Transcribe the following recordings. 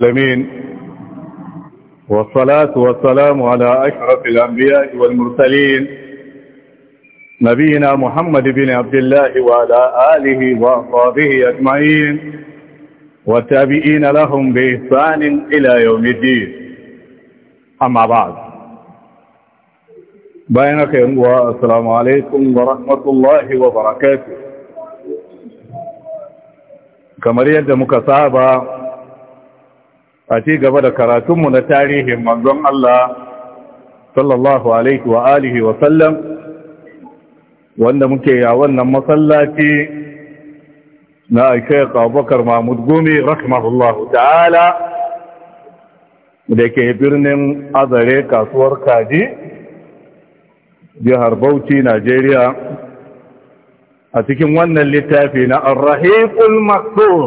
لمين والصلاة والسلام على أشرف الأنبياء والمرسلين نبينا محمد بن عبد الله وعلى آله وأصحابه أجمعين والتابعين لهم بإحسان إلى يوم الدين أما بعد بينكم والسلام عليكم ورحمة الله وبركاته كما يدمك صعبا a ci gaba da karatunmu na tarihin manzon Allah sallallahu alaihi wa alihi wa sallam wanda muke a wannan masallaci na Sheikh Abubakar Mahmud Gumi rahimahullahu ta'ala da ke birnin Azare kasuwar Kaji jihar Bauchi Najeriya a cikin wannan littafi na Ar-Rahiqul Maktub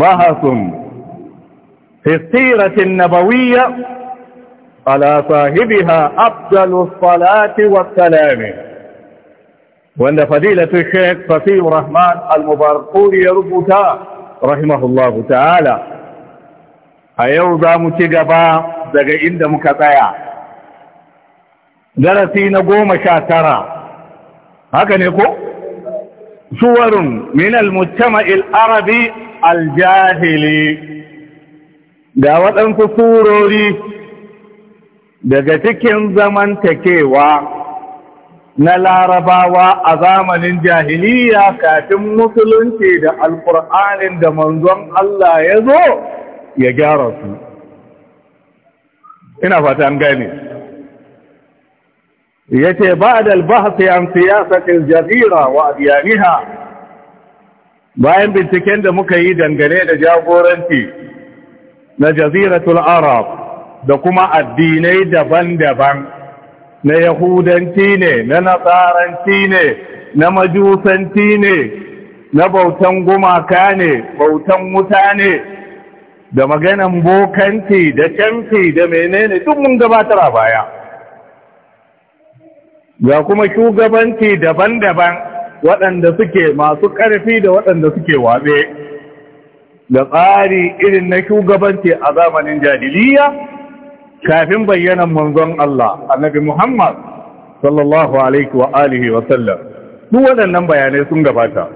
bahasun في السيرة النبوية على صاحبها أفضل الصلاة والسلام وأن فضيلة الشيخ فصيل رحمن المباركوري يربطا رحمه الله تعالى أيوضا متقبا دقا إند مكتايا درسي نقوم شاترا هكا نقول صور من المجتمع العربي الجاهلي ga waɗansu surori daga cikin zamantakewa na larabawa a zamanin jahiliya kafin musulunci da alƙur'anin da manzon Allah ya zo ya gyara su ina fata an gane ya ce ba da albahasi an siyasatin jazira wa abiyaniha bayan binciken da muka yi dangane da jagoranci na jaziratul arab da kuma addinai daban-daban na yahudanci ne na nasaranci ne na majusanci ne na bautan gumaka ne bautan wuta ne da maganan bokanci da canfi da menene duk mun gabatar a baya ga kuma shugabanci daban-daban waɗanda suke masu ƙarfi da waɗanda suke waɓe. da tsari irin na shugabanci a zamanin jadiliya kafin bayyanan manzon Allah annabi Muhammad sallallahu alaihi wa alihi wa sallam duk waɗannan bayanai sun gabata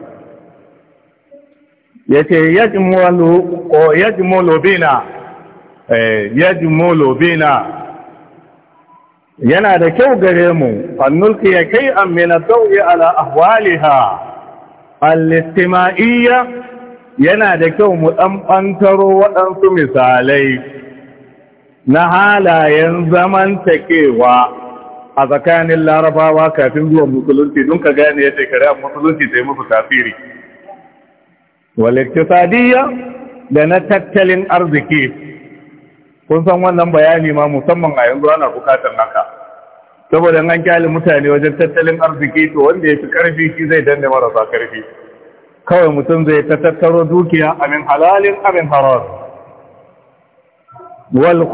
yace yajmulu ko yajmulu bina eh yana da kyau gare mu annulki ya kai amina tawi ala ahwaliha al-istima'iyya yana da kyau mu ɗan waɗansu misalai na halayen zamantakewa a tsakanin larabawa kafin zuwa musulunci don ka gane ya a musulunci ta yi musu tafiri waliktisadiyya da na tattalin arziki kun san wannan bayani ma musamman a yanzu ana bukatar haka saboda an kyali mutane wajen tattalin arziki to wanda ya fi karfi shi zai danne marasa karfi kawai mutum zai ta tattaro dukiya amin halalin amin haram wal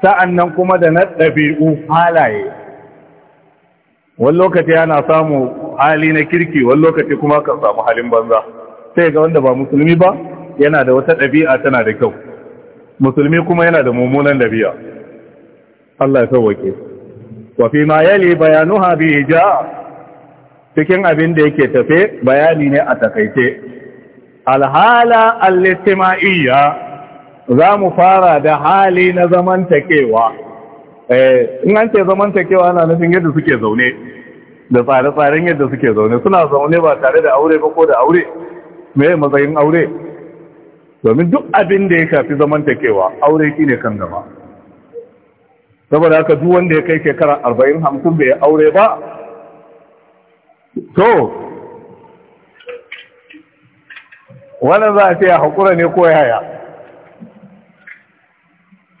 sa'annan kuma da na ɗabi'u halaye wani lokaci yana samu hali na kirki wani lokaci kuma kan samu halin banza sai ga wanda ba musulmi ba yana da wata ɗabi'a tana da kyau musulmi kuma yana da mummunan ɗabi'a Allah ya sauwake Wafi fi ma yali bayanuha bi ja. cikin abin da yake tafe bayani ne a takaice alhala al-istima'iyya za mu fara da hali na zamantakewa eh, in an ce zamantakewa na nufin yadda suke zaune da tsare-tsaren yadda suke zaune suna zaune ba tare da aure ba ko da aure mai matsayin aure domin duk abin da ya shafi zamantakewa aure shi ne kan gaba saboda haka duk wanda ya kai shekara arba'in hamsin bai aure ba to wannan za a ce ya haƙura ne ko yaya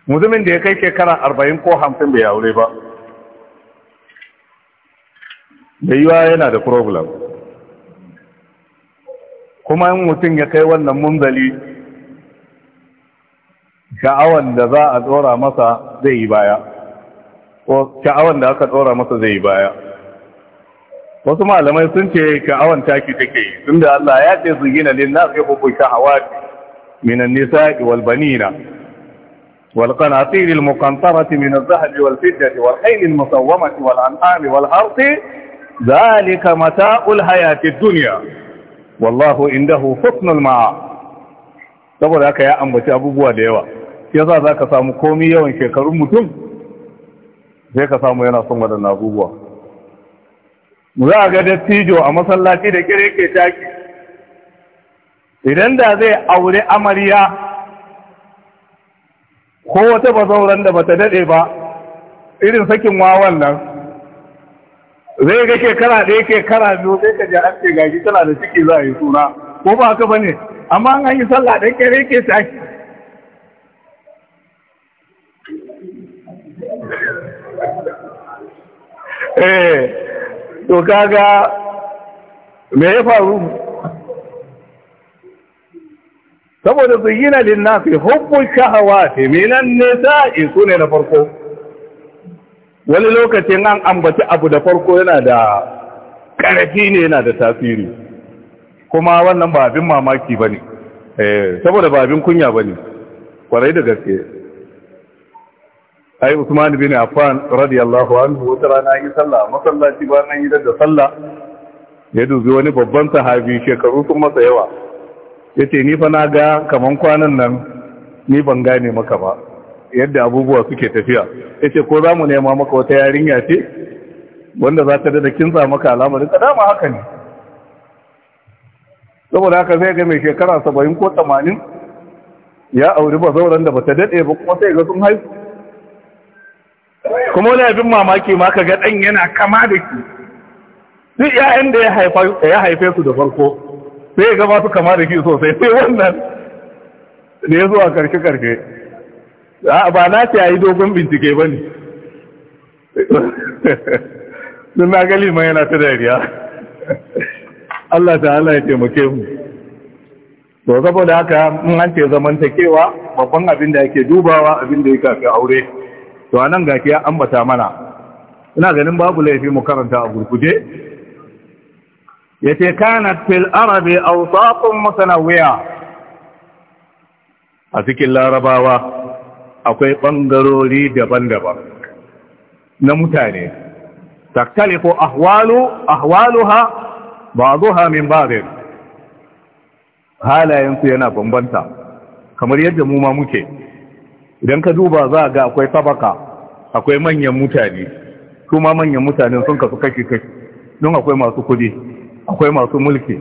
mutumin da ya kai shekara arba'in ko hamsin bai aure ba da yiwa yana da problem kuma yin mutum ya kai wannan munzali sha'awar da za a tsora masa zai yi baya ko sha'awan da aka tsora masa zai yi baya wasu malamai sun ce sha'awan taki take yi tunda Allah ya ce su gina lin nas yuhibbu shahawat min an-nisa'i wal banina wal qanatir al muqantarati min adh-dhahab wal fiddati wal khayl al musawwamati wal an'ami wal harthi dhalika mata'ul hayati ad-dunya wallahu indahu husnul ma'a saboda haka ya ambaci abubuwa da yawa yasa zaka samu komai yawan shekarun mutum sai ka samu yana son wadannan abubuwa mu za ga dattijo a masallaci da kire ke taki idan da zai aure amarya ko wata bazauran da bata dade ba irin sakin wawan nan zai ga shekara yake kara biyu sai ka ji an ce gashi tana da ciki za a yi suna ko ba haka bane amma an yi sallah da kire ke taki eh to kaga me ya faru saboda zayyana nafi hubbu shahawati minan nisa'i sune na farko wani lokacin an ambaci abu da farko yana da ƙarfi ne yana da tasiri kuma wannan ba abin mamaki bane eh saboda ba abin kunya bane kwarai da gaske ai Usman bin Affan radiyallahu anhu wata rana yi sallah masallaci ba nan yi da sallah ya dubi wani babban sahabi shekaru sun masa yawa yace ni fa na ga kaman kwanan nan ni ban gane maka ba yadda abubuwa suke tafiya yace ko zamu nema maka wata yarinya ce wanda za ta da kinsa maka alamarin ka dama haka ne saboda haka zai ga mai shekara 70 ko 80 ya auri bazauran da bata dade ba kuma sai ga sun haihu kuma wani abin mamaki ma ka ga ɗan yana kama da ke. duk ‘ya'yan da ya haife su da farko sai ya gaba su kama da ke sosai sai wannan da ya zuwa karshe-karshe ba na ce yi dogon bincike ba ne sun na gali ma yana ta dariya Allah ta Allah ya taimake mu to saboda haka mun an ce zamantakewa babban abin da ake dubawa abin da ya kafi aure to a nan gafiya ya ambata mana ina ganin babu laifi mu karanta a gurguje yace kanat fil arabi awsaqun mutanawwi'a a cikin larabawa akwai bangarori daban-daban na mutane taktalifu ahwalu ahwaluha ba'daha min ba'd halayen yana bambanta kamar yadda mu ma muke idan ka duba za ga akwai sabaka akwai manyan mutane ma manyan mutane sun kasu kashi kashi don akwai masu kudi akwai masu mulki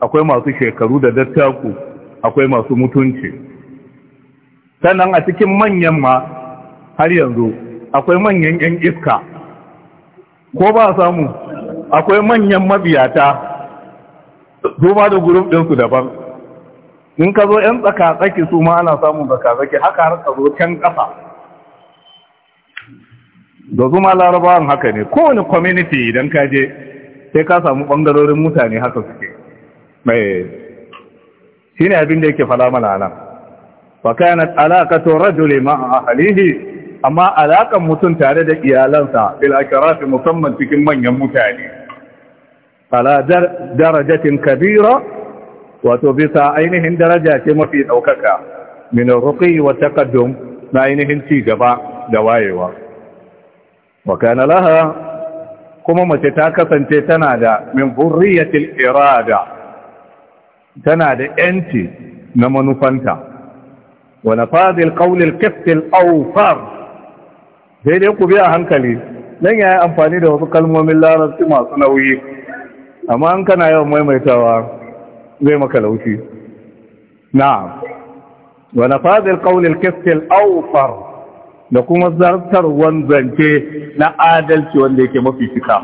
akwai masu shekaru da dattaku akwai masu mutunci sannan a cikin manyan ma har yanzu akwai manyan yan iska ko ba samu akwai manyan mabiyata su da gurup ɗinsu daban in ka zo ‘yan tsaka-tsaki su ma ana samun tsaka-tsaki haka har ka zo can ƙasa da zuma larabawan haka ne kowane community idan ka je sai ka samu ɓangarorin mutane haka suke mai shi ne abin da yake fala mana nan fa kayanat alaƙatun ma ma'a halihi amma alaƙan mutum tare da iyalansa bil akirafi musamman cikin manyan mutane ala darajatin kabira wato bisa ainihin daraja ce mafi ɗaukaka min ruqi wa taqaddum na ainihin ci gaba da wayewa wa kana laha kuma mace ta kasance tana da min burriyatil irada tana da yanci na manufanta wa nafadil qawlil qiftil awfar daidai ku biya hankali dan yayi amfani da wasu kalmomin larabci masu nauyi amma an kana yawan maimaitawa zai maka laushi na'am wa nafazil qawlil qistil awfar da kuma zartar wanzance na adalci wanda yake mafi fika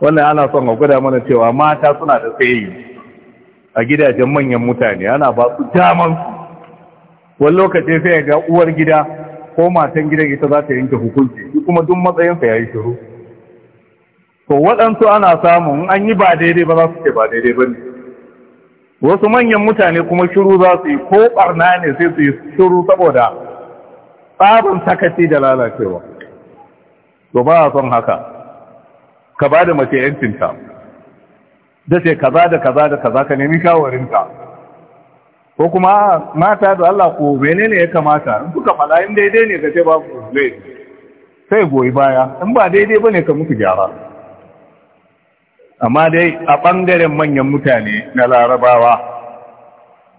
wannan ana son a gwada mana cewa mata suna da tsayi a gidajen manyan mutane ana ba su daman wani lokaci sai ga uwar gida ko matan gidan ita za ta yanke hukunci kuma duk matsayin sa yayi shiru to waɗansu ana samun an yi ba daidai ba za su ce ba daidai ba ne wasu manyan mutane kuma shiru za su yi ko barna ne sai su yi shiru saboda tsarin sakaci da lalacewa to ba a son haka ka ba da mace yancinta da ce kaza da kaza da kaza ka nemi shawarinta ko kuma mata da Allah ko bene ne ya kamata in kuka fada in daidai ne ga ce babu zai sai goyi baya in ba daidai ba ne ka musu gyara amma dai a ɓangaren manyan mutane na larabawa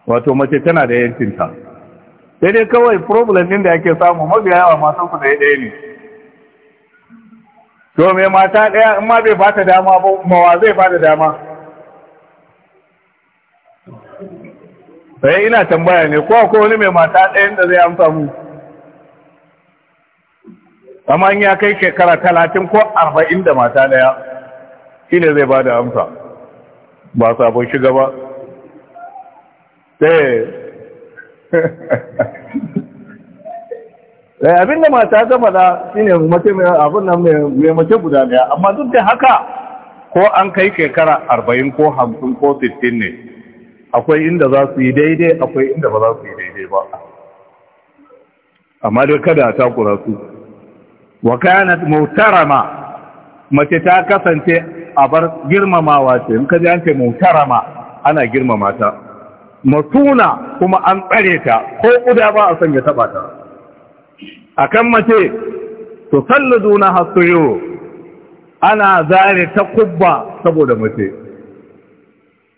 wato mace tana da yancinta sai dai kawai problem ɗin da ake samu mafi yawa masu ku ɗaya ɗaya ne to mai mata ɗaya in ma bai bata dama ba mawa zai bada dama sai eh, ina tambaya ne ko ko wani mai mata ɗayan da zai amsa mu amma in ya kai shekara talatin ko arba'in da mata ɗaya shi ne zai ba da amsa ba sabon shiga ba ɗaya eh. eh, abin da mata ta faɗa shi ne mace abin da mai mace guda ne. amma duk da haka ko an kai shekara arba'in ko hamsin ko sittin ne akwai inda za su yi daidai akwai inda ba za su yi daidai ba amma dai kada ta kura su wa kayanat mutarama mace ta kasance A bar girmamawa ce in ka ji an ce mutarama ana girmama ta matuna kuma an tsare ta ko kuda ba a sanya ya taba ta akan mace to salluduna hasuyu ana zare ta kubba saboda mace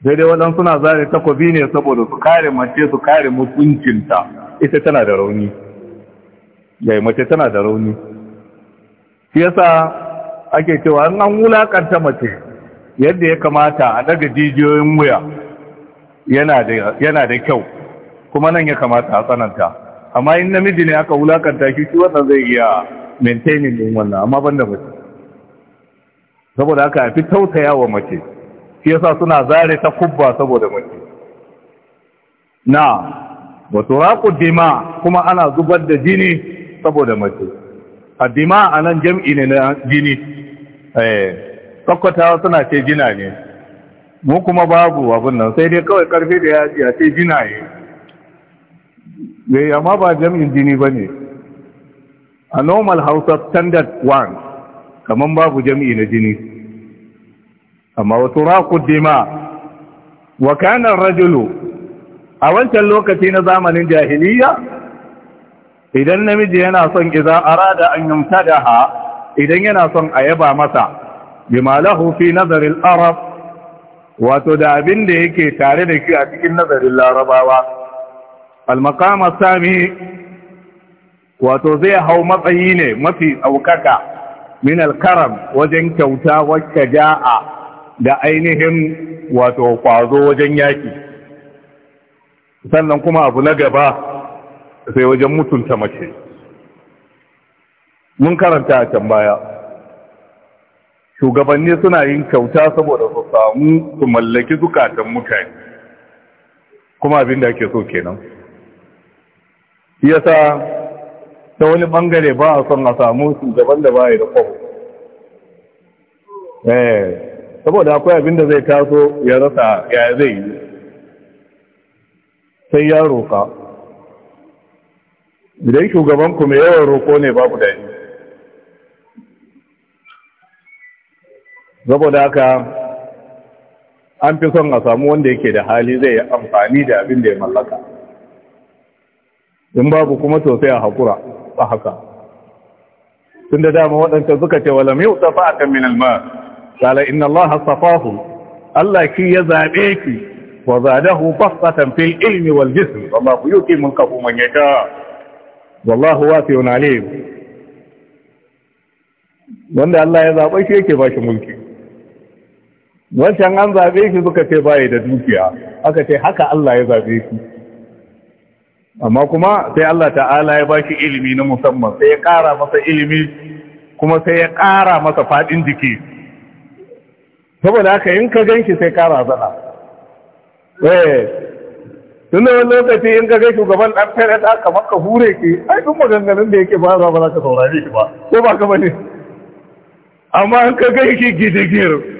daidai waɗansu suna zare takobi ne saboda su kare mace su kare mutuncinta ita tana da rauni mai mace tana da rauni yasa ake cewa an an wulakanta mace yadda ya kamata a daga jijiyoyin wuya yana da kyau kuma nan ya kamata a tsananta amma in namiji ne aka wulakanta shi shi wannan zai iya maintaining din wannan amma ban da mace saboda haka fi tausaya wa mace shi yasa suna zare ta kubba saboda mace na wa turaqu dima kuma ana zubar da jini saboda mace a dima a nan jam'i ne na jini tsakwatawa eh, suna ce jina ne mu kuma babu abin nan sai dai kawai karfi da ya ce jina ne eh, amma ba jam'in jini ba ne a normal hausa standard one kamar babu jam'i na jini amma wasu raku dima wa kanar rajulu a wancan lokaci na zamanin jahiliya idan namiji yana son iza arada an yamta da ha idan yana son a yaba masa bima lahu fi nazarin arab wato da abin da yake tare da shi a cikin nazarin larabawa almakama sami wato zai hau matsayi ne mafi aukaka min karam wajen kyauta wacce ja'a da ainihin wato kwazo wajen yaki sannan kuma abu na gaba sai wajen mutunta mace mun karanta a can baya shugabanni suna yin kyauta saboda su samu su mallaki zukatan mutane kuma abin da ake so kenan yasa ta wani bangare ba a son a samu shugaban da baya da kwabo eh saboda akwai abin da zai taso ya rasa ya zai yi sai ya roƙa idan shugaban ku mai yawan roƙo ne babu da yi saboda haka an fi son a samu wanda yake da hali zai yi amfani da abin da ya mallaka in babu kuma sosai a haƙura a haka tun da dama waɗanda suka ce wala mai wutafa a kan minal inna Allah hasafahu Allah ki ya zaɓe ki wa zadahu fasatan fil ilmi wal jism wallahu yuqi mun kafu man ya yasha wallahu wasi'un alim wanda Allah ya zaɓa shi yake ba shi mulki wancan an zaɓe shi suka ce baya da dukiya aka ce haka Allah ya zaɓe shi amma kuma sai Allah ta'ala ya ba shi ilimi na musamman sai ya ƙara masa ilimi kuma sai ya ƙara masa faɗin jiki saboda haka in ka gan shi sai ƙara zaɗa eh, tunda da lokaci in ka kai shugaban ɗan fere ta ka maka hure ke ai duk maganganun da yake ba za ba za ka saurare shi ba ko ba ka bane amma in ka kai shi gidigir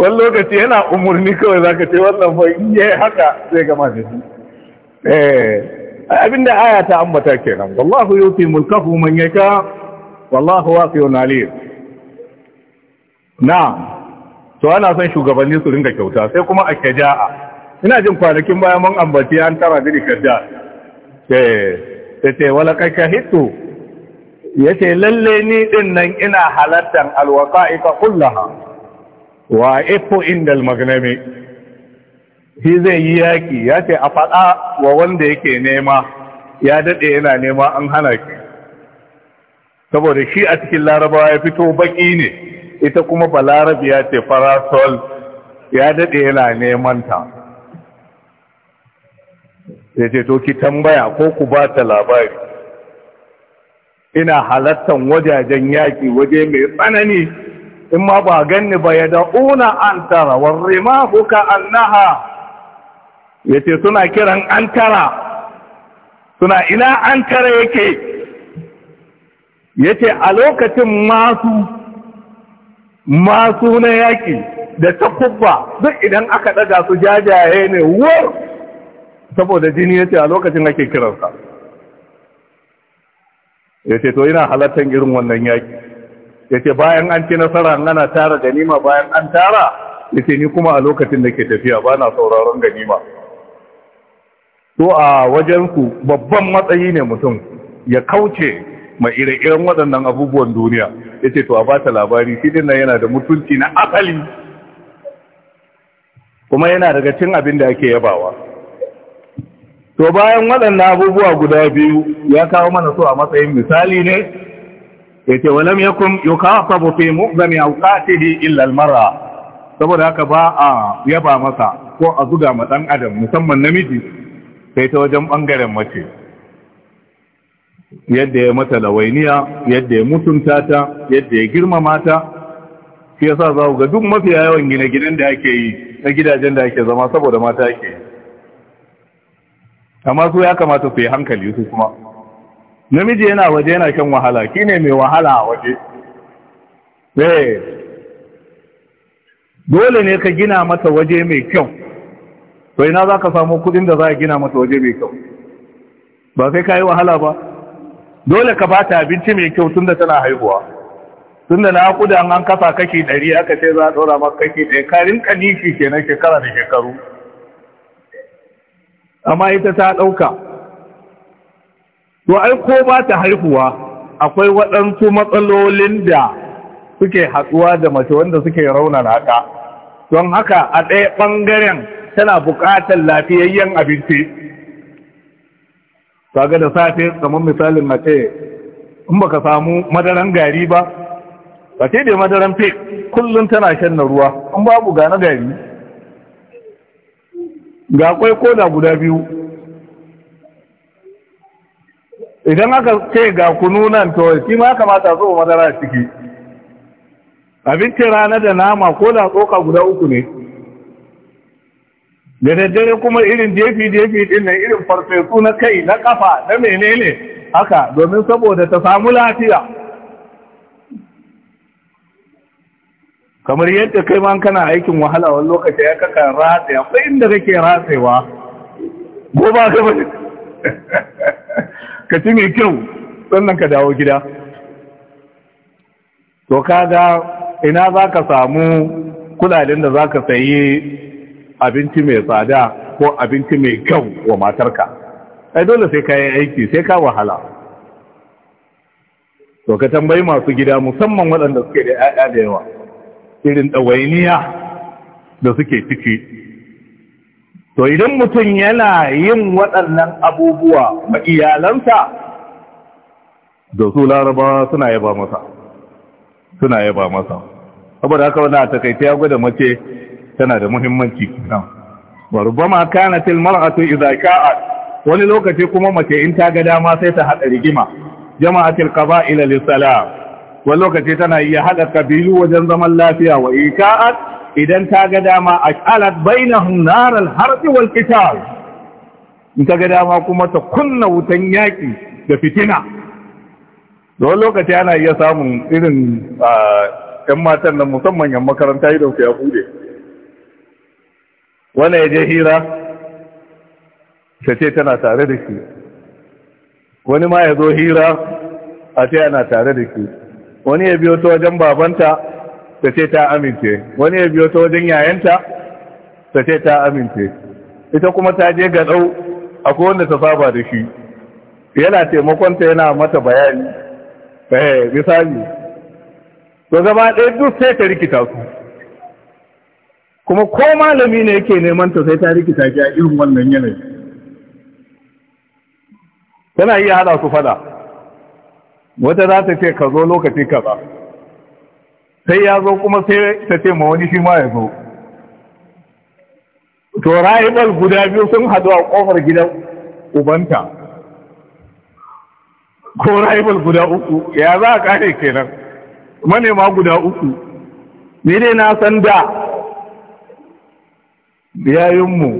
wani lokaci yana umarni kawai za ka ce wannan fa iya haka zai gama da shi eh, abinda aya ta ambata kenan wallahu yuti mulkahu man yaka wallahu waqiyun alim Na. to ana son shugabanni su ringa kyauta sai kuma a kaja'a ina jin kwanakin bayan mun ambaci an tara gidi kaja eh sai wala kai hitu yace lalle ni din nan ina halattan alwaqa'iqa kullaha wa ifo indal magnami shi zai yi yaƙi ya ce a faɗa wa wanda yake nema ya daɗe yana nema an hana ki saboda shi a cikin larabawa ya fito baƙi ne ita kuma balarabi ya ce farasol ya daɗe yana neman ta ya ce to ki tambaya ko ku ba ta labari ina halattan wajajen yaƙi waje mai tsanani in ma ba ganni ba ya da'una an tara ma huka annaha ya ce suna kiran an tara suna ina an tara yake ya ce a lokacin masu masu na yaƙi da takuba duk idan aka ɗaga su jajaye ne wur saboda jini ya ce a lokacin ake kiransa ya ce to ina halattar irin wannan yaƙi yace bayan an ci nasara ana tara ganima bayan an tara yake ni kuma a lokacin da ke tafiya bana sauraron ganima to a wajen su babban matsayi ne mutum ya kauce ma ire-iren waɗannan abubuwan duniya ce to a ba ta labari shi dinnan yana da mutunci na asali kuma yana daga cin abin da ake yabawa to bayan waɗannan abubuwa guda biyu ya kawo mana so a matsayin misali ne yace walam yakum yukafabu fi mu'zami awqatihi illa mara saboda haka ba a yaba masa ko a zuga ma dan adam musamman namiji sai ta wajen bangaren mace yadda ya mata lawainiya yadda ya mutunta ta yadda ya girmama ta shi yasa za ku ga duk mafiya yawan gine-ginen da ake yi na gidajen da ake zama saboda mata ake yi amma su ya kamata su yi hankali su kuma namiji yana waje yana kan wahala ki ne mai wahala a waje eh. dole ne ka gina mata waje mai kyau to ina za ka samu kudin da za a gina mata waje mai kyau ba sai ka yi wahala ba dole ka bata abinci mai kyau tun da tana haihuwa tun da na kuda an kafa kashi ɗari aka ce za a ɗora maka kashi ɗaya Karin rinka nishi kenan shekara da shekaru amma ita ta ɗauka to ai ko ba ta haihuwa akwai waɗansu matsalolin da suke haɗuwa da mace wanda suke raunar haka don haka a ɗaya ɓangaren tana buƙatar lafiyayyen abinci ga da safe kamar misalin mace in baka samu madaran gari ba ba ce da madaran fe kullum tana shan na ruwa in babu gane gari ga akwai koda guda biyu idan aka ce ga kunu nan to shi ma kamata zo madara ciki abincin rana da nama ko da tsoka guda uku ne da daddare kuma irin jefi-jefi din nan irin farfesu na kai na kafa na menene haka domin saboda ta samu lafiya kamar yadda kai ma kana aikin wahala wani lokaci ya kakan inda kake ratsewa ko ba ka bane ka ci mai kyau sannan ka dawo gida to ga ina za ka samu kudaden da za ka sayi abinci mai tsada ko abinci mai kyau wa matarka ai dole sai ka yi aiki sai ka wahala to ka tambayi masu gida musamman waɗanda suke da 'ya'ya da yawa irin ɗawainiya da suke ciki to idan mutum yana yin waɗannan abubuwa ma iyalansa da su laraba suna yaba masa suna yaba masa saboda haka wani a takaita ya gwada mace tana da muhimmanci wa ma kana tilmar a tun sha'at wani lokaci kuma mace in ta ga dama sai ta haɗa rigima jama'atul ba ila lissala, wani lokaci tana iya haɗa kabilu wajen zaman lafiya wa ika'at idan ta ga dama a bainahum bai na harb wal qital in ta ga dama kuma ta kunna wutan yaƙi da fitina don lokaci ana iya samun irin ƴan matan nan musamman yan makaranta yi dauke ya bude wane ya je hira ta ce tana tare da shi wani ma ya zo hira a ce ana tare da shi wani ya biyo ta wajen babanta ta ce ta amince wani ya biyo ta wajen yayanta ta ce ta amince ita kuma ta je ga dau akwai wanda ta saba da shi yana taimakonta yana mata bayani eh misali to gaba ɗaya duk sai ta rikita su kuma ko malami ne yake neman ta sai ta rikita shi a irin wannan yanayi tana iya hada su fada wata za ta ce ka zo lokaci kaza sai ya zo kuma sai ta ce ma wani shi ma ya zo to ra'ibal guda biyu sun hadu a ƙofar gidan ubanta ko ra'ibal guda uku ya za a kare kenan manema guda uku ni dai na san da biyayinmu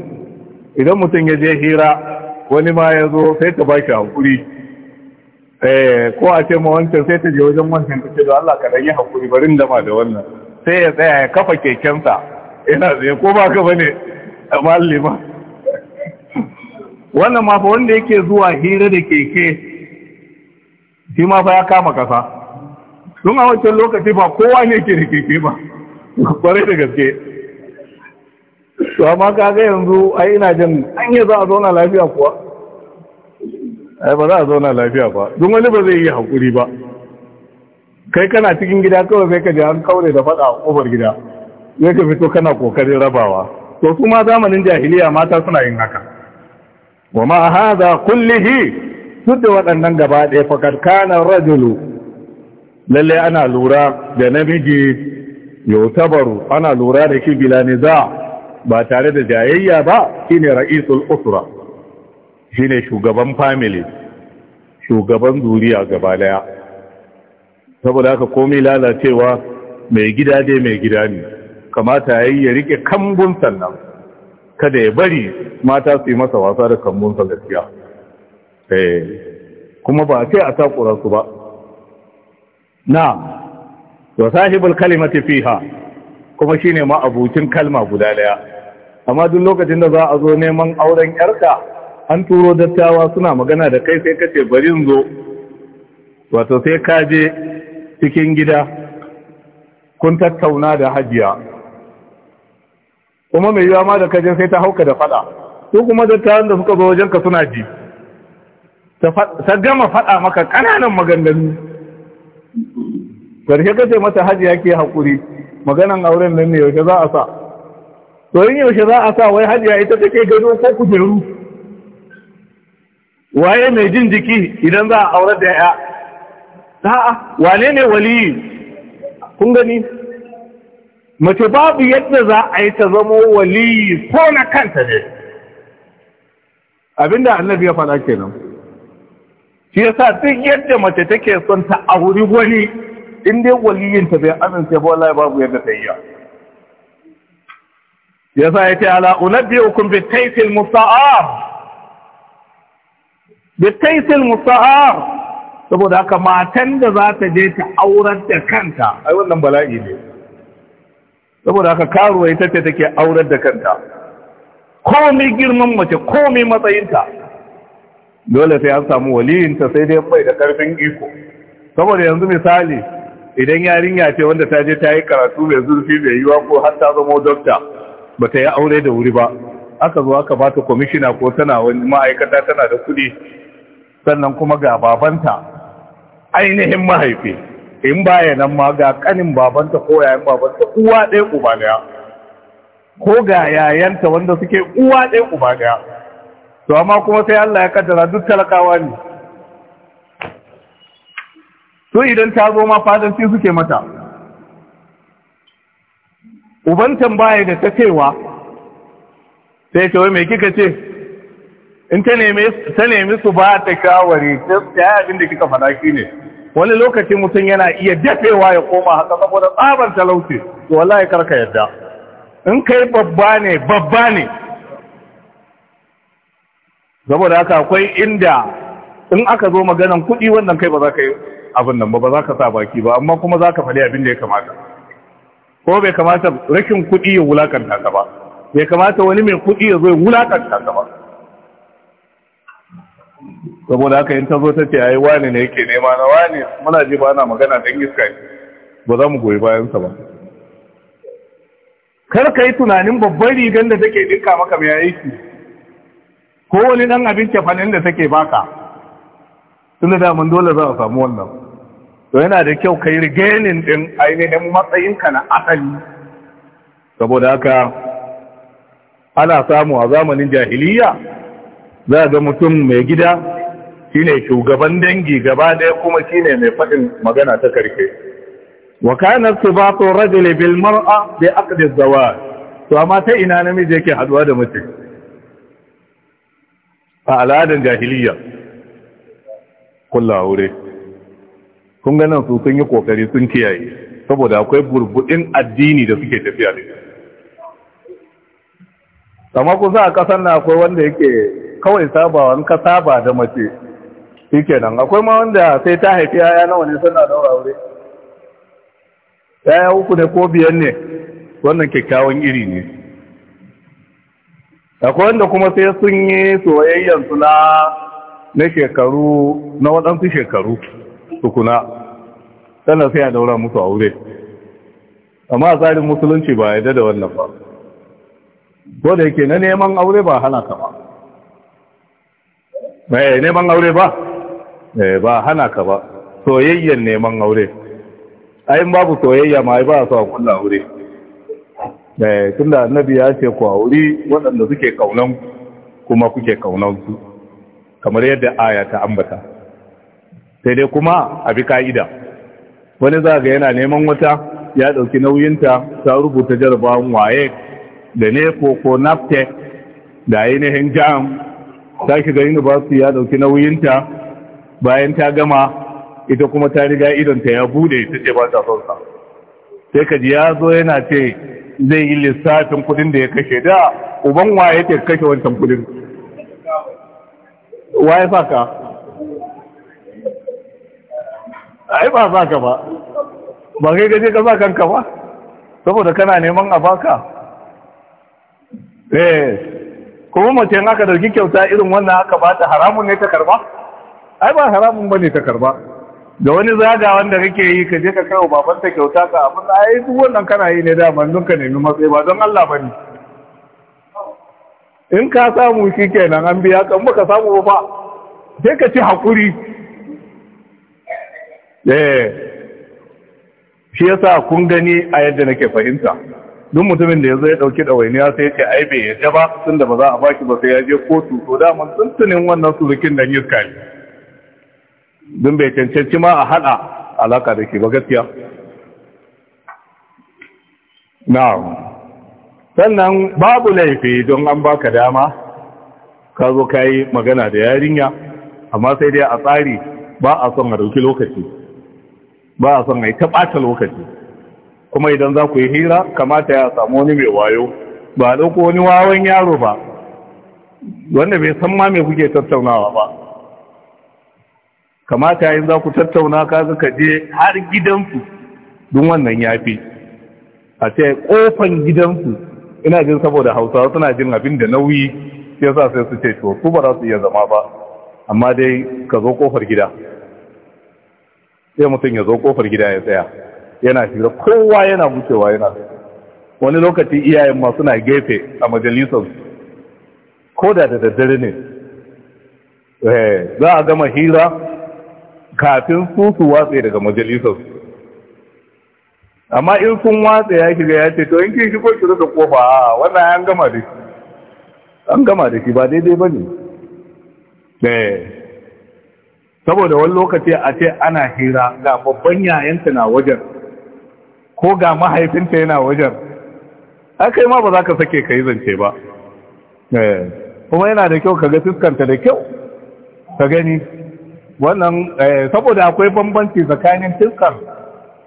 idan mutum ya je hira wani ma ya zo sai ta ba shi hankuri Eh, ko a ce ma wancan sai ta je wajen wancan ta ce da Allah ka dan yi hakuri barin dama da wannan sai ya tsaya ya kafa kekensa ina zai ko ba ka bane ba. wannan ma fa wanda yake zuwa hira da keke shi ma fa ya kama kasa don a wancan lokaci ba kowa ne ke da keke ba kwarai da gaske to amma kaga yanzu ai ina jin an yi za a zauna lafiya kuwa ai ba za a zauna lafiya ba don wani ba zai yi hakuri ba kai kana cikin gida kawai sai ka ji an kaure da faɗa a ƙofar gida sai ka fito kana ƙoƙarin rabawa to su ma zamanin jahiliya mata suna yin haka wa ma hadha kullihi duk da waɗannan gaba ɗaya fakar kana rajulu lalle ana lura da namiji yautabaru ana lura da kibila bila niza ba tare da jayayya ba shine ra'isul usra shine shugaban family shugaban zuriya gaba daya saboda haka komai lalacewa mai gida dai mai gida ne kamata yayi ya rike kambun sannan kada ya bari mata su yi masa wasa da kambun sa gaskiya eh, kuma ba ce a takura su ba Na wa sahibul kalimati fiha kuma shine ma abucin kalma guda daya amma duk lokacin da za a zo neman auren yarka an turo dattawa suna magana da kai sai kace bari in zo wato sai ka je cikin gida kun tattauna da hajiya kuma mai yiwa ma da kaje sai ta hauka da fada su kuma dattawan da suka zo wajen ka suna ji ta gama fada maka kananan maganganu karshe kace mata hajiya ke hakuri maganan auren nan ne yaushe za a sa to yin yaushe za a sa wai hajiya ita take gado ko kujeru waye mai jin jiki idan za a aure da ya a'a wane ne waliyi kun gani mace babu yadda za a yi ta zama waliyi ko na kanta ne abinda annabi ya faɗa kenan shi sa duk yadda mace take son ta auri wani in dai waliyinta bai amince ba wallahi babu yadda ta yi yasa yace ala unabbiukum bi taifin musa'a? bitaisil musta'ar saboda haka matan da za ta je ta aurar da kanta ai wannan bala'i ne saboda haka karuwa ita ce take aurar da kanta komai girman mace komai matsayinta dole sai an samu waliyinta sai dai bai da karfin iko saboda yanzu misali idan yarinya ce wanda ta je ta yi karatu mai zurfi mai yiwa ko har ta zama dokta ba ta yi aure da wuri ba aka zo aka ba ta kwamishina ko tana wani ma'aikata tana da kuɗi sannan kuma ga babanta ainihin mahaifi in baya nan ma ga kanin babanta ko yayan babanta uwa ɗaya uba ɗaya ko ga yayanta wanda suke uwa ɗaya uba ɗaya to amma kuma sai Allah ya kaddara duk talakawa ne to idan ta zo ma fadanci suke mata uban tambaye da ta cewa sai ta wai me kika ce in ta nemi su ba ta shawari ta yi abin da kika faɗa shi ne wani lokaci mutum yana iya dafewa ya koma haka saboda tsabar talauci to wallahi karka yadda in kai babba ne babba ne saboda haka akwai inda in aka zo maganan kuɗi wannan kai ba za ka yi abin nan ba ba za ka sa baki ba amma kuma za ka faɗi abin da ya kamata ko bai kamata rashin kuɗi ya wulakanta ka ba bai kamata wani mai kuɗi ya zo ya wulakanta ka ba saboda haka in ta zo ta ce ai wani ne yake nema na wani muna ji ba ana magana dan iska ne ba za mu goyi bayansa ba kar ka yi tunanin babban rigar da take dinka maka mai aiki ko wani dan abin kefanin da take baka tunda da mun dole za a samu wannan to yana da kyau kai rigenin din ainihin matsayinka na asali saboda haka ana samu a zamanin jahiliya za ga mutum mai gida Shi ne shugaban dangi gaba daya kuma shi ne mai faɗin magana ta karfe. wa kana ba rajul bil mar'a bi aqd az to amma ta ina namiji yake haduwa da mace a al'adar jahiliya kulla aure kun ganin su sun yi kokari sun kiyaye saboda akwai burbudin addini da suke tafiya da Sama kusa a kasar na akwai wanda yake kawai sabawa in ka da mace shi kenan akwai ma wanda sai ta haifi yaya nawa ne suna daura aure yaya uku ne ko biyan ne wannan kyakkyawan iri ne akwai wanda kuma sai sun yi soyayyansu na na shekaru na waɗansu shekaru tukuna sannan sai a daura musu aure amma a tsarin musulunci ba yadda da wannan ba ko da yake na neman aure ba hana kama. Eh, neman aure ba Eh, ba hana ka ba soyayyen neman aure ayin babu soyayya ma ba su a kulla aure eh, tun da annabi ya ce ku aure waɗanda suke kaunan kuma kuke kaunan su kamar yadda aya ta ambata sai dai kuma a bi ka'ida wani za ga yana neman wata ya ɗauki nauyinta ta rubuta jarabawan waye da ne ko naftek da ainihin jam ta shiga university ya ɗauki nauyinta bayan ta gama ita kuma ta riga idonta ya bude ta ce ba ta son sa sai ka ji ya zo yana ce zai yi lissafin kudin da ya kashe da uban waye yake kashe wancan kudin waye sa ka ai ba sa ka ba ba kai gaje ka sa kanka ba saboda kana neman a baka eh kuma mace in aka dauki kyauta irin wannan aka ta haramun ne ta karba ai ba haramun bane ka karba da wani zaga wanda kake yi ka je ka kawo baban ta kyauta ka abin ai duk wannan kana yi ne da duk ka nemi matsayi ba don Allah bane in ka samu shi kenan an biya kan baka samu ba sai ka ci hakuri eh shi yasa kun gani a yadda nake fahimta duk mutumin da ya zo ya dauki ɗawainiya sai ce ai bai yadda ba tunda ba za a baki ba sai ya je kotu to da mun tuntunin wannan surukin da ni ne don bai cancanci ma a haɗa alaka da ke ba gaskiya na sannan babu laifi don an baka dama ka zo ka yi magana da yarinya amma sai dai a tsari ba a son a dauki lokaci ba a son a yi taɓata lokaci kuma idan za ku yi hira kamata ya samu wani mai wayo ba a ɗauko wani wawan yaro ba wanda bai san ma mai kuke tattaunawa ba kamata yayin za ku tattauna kaga ka je har gidansu don wannan yafi a ce kofan gidansu ina jin saboda hausawa suna jin abin da nauyi sai yasa sai su ce to su ba za su iya zama ba amma dai ka zo kofar gida sai mutum ya zo kofar gida ya tsaya yana shiga kowa yana wucewa yana wani lokaci iyayen ma suna gefe a majalisar ko da da daddare ne eh, za a gama hira kafin su su watsa daga majalisar amma in sun watsa ya shiga ya ce to in kin shigo ki rufe kofa a wannan an gama da shi an gama da shi ba daidai ba ne eh. saboda wani lokaci a ce ana hira ga babban yayanta na wajen ko ga mahaifinta yana wajen akai ma ba za ka sake ka yi zance ba eh. kuma yana da kyau ka ga fuskanta da kyau ka gani wannan eh, saboda akwai bambanci tsakanin tukar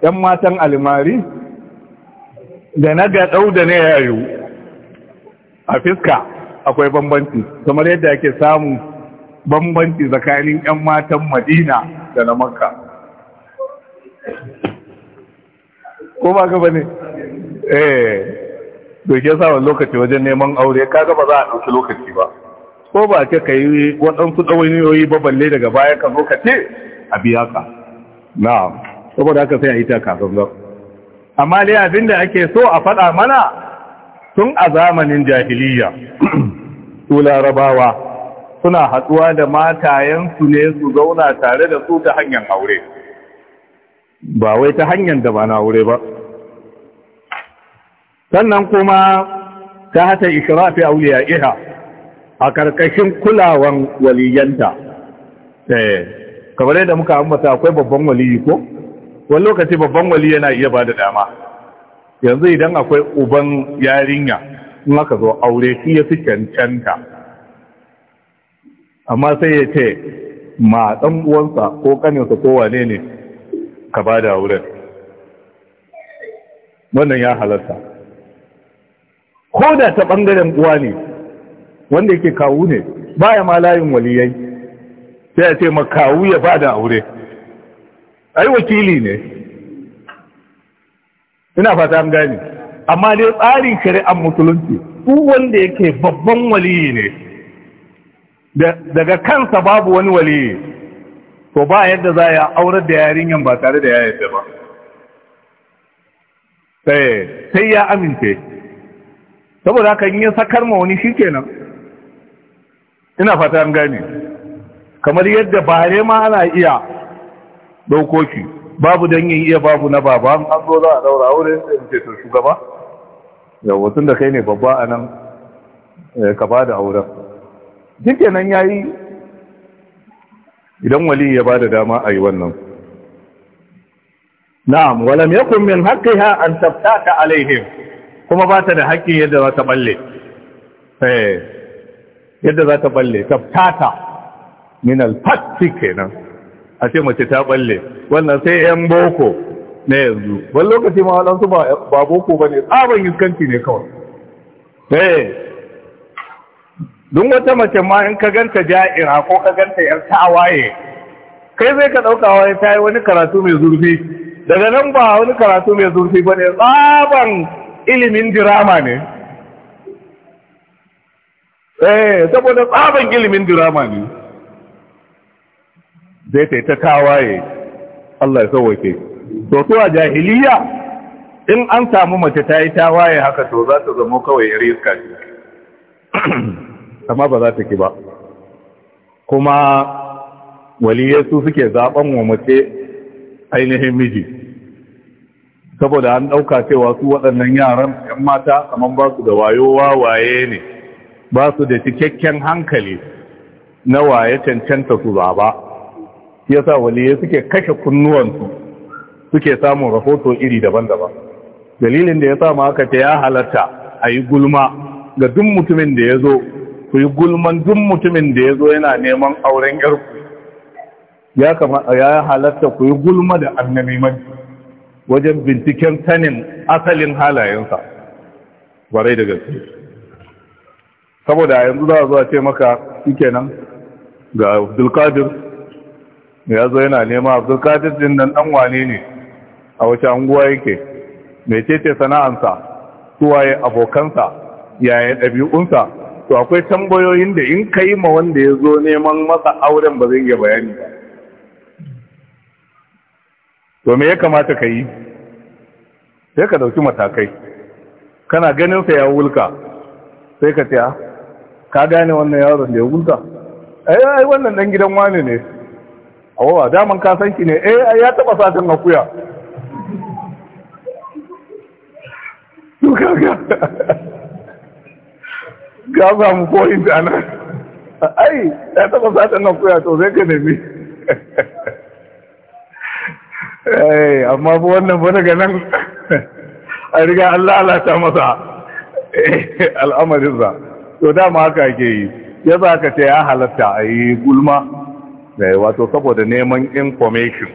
‘yan matan alimari da na ɗau da na yayu a fiska akwai bambanci kamar yadda ake samun bambanci tsakanin ‘yan matan madina da na makka ko ba gaba ne eh doke wani lokaci wajen neman aure kaga ba za a ɗauki lokaci ba ko ba ce ka yi waɗansu ɗawainiyoyi ba balle daga baya ka zo ka ce a biya ka na saboda aka sai a yi ta kasar amma dai abin da ake so a faɗa mana tun a zamanin jahiliya su larabawa suna haɗuwa da matayensu ne su zauna tare da su ta hanyar aure ba wai ta hanyar da ba na aure ba sannan kuma ta hata ishirafi auliya iha a ƙarƙashin kulawan waliyanta eh, kamar yadda muka ambata akwai babban waliyi ko wani lokaci babban wali yana iya ba da dama yanzu idan akwai uban yarinya in aka zo aure shi ya fi cancanta amma sai ya ce ma ɗan uwansa ko ƙaninsa ko wane ne ka ba da wurin wannan ya halarta ko da ta ɓangaren uwa ne wanda yake kawu ne baya ma layin waliyai sai ya ce ma kawu ya bada aure ai wakili ne ina fata an gane amma dai tsarin shari'ar musulunci duk wanda yake babban waliyi ne daga kansa babu wani waliyi to ba yadda za ya aurar da yarinyan ba tare da ya ba eh, sai ya amince saboda haka yin sakar ma wani shi kenan ina fata an gane kamar yadda bare ma ana iya daukoki babu don iya babu na baba an zo za a daura aure da ce to shugaba yawon tun da kai ne babba a nan eh, ka ba da auren duk nan ya yi idan wali ya ba da dama a yi wannan na'am walam yakun min haqqiha an taftaka alaihim kuma ba ta da haƙƙi yadda za ta balle eh yadda za ta balle ta tata min alfatti kenan a ce mace ta balle wannan sai yan boko na yanzu wani lokaci ma waɗansu ba boko ba ne tsaban iskanci ne kawai eh dun wata mace ma in ka ganta ja'ira ko ka ganta 'yan tawaye kai zai ka ɗauka waye ta yi wani karatu mai zurfi daga nan ba wani karatu mai zurfi ba ne tsaban ilimin dirama ne eh saboda tsaban ilimin dirama ne zai ta ta tawaye Allah ya sauwake to to a jahiliya in an samu mace ta yi tawaye haka to za ta zama kawai yari iska ce amma ba za ta ki ba kuma waliyarsu suke zaben wa mace ainihin miji saboda an ɗauka cewa su waɗannan yaran 'yan mata kamar ba su da wayowa, waye ne ba su da cikakken hankali na waye cancanta su ba ba zaba yasa waliye suke kashe kunnuwansu suke samun rahoto iri daban-daban dalilin da ya sa aka ta ya halarta a yi gulma ga duk mutumin da ya zo ku yi gulman duk mutumin da ya zo yana neman auren yarku ya halarta ku yi gulma da annamimanci wajen binciken sanin asalin halayensa warai da gaske saboda yanzu za a zuwa ce maka nan, ga abdulkadir ya zo yana nema abdulkadir din nan dan wane ne a wace anguwa yake mecece sana'ansa suwaye abokansa yayin ɗabi'unsa to akwai tambayoyin da in ka yi ma wanda ya zo neman masa auren ba zai iya bayani ba to me ya kamata ka yi sai ka ɗauki matakai kana ganin sa ya wulka sai ka tiya ka gane wannan yaron da ya gunta ai eh, ai wannan dan gidan wani ne a daman ka san ki ne eh ya taba satin akuya to kaga ga ba mu point ana ai ya taba satin akuya to zai ka nemi ai eh, amma bu wannan ba daga nan a riga Allah Allah ta masa eh, sa. to dama haka ake yi ya za ka ce ya halatta a yi gulma da eh, wato saboda neman information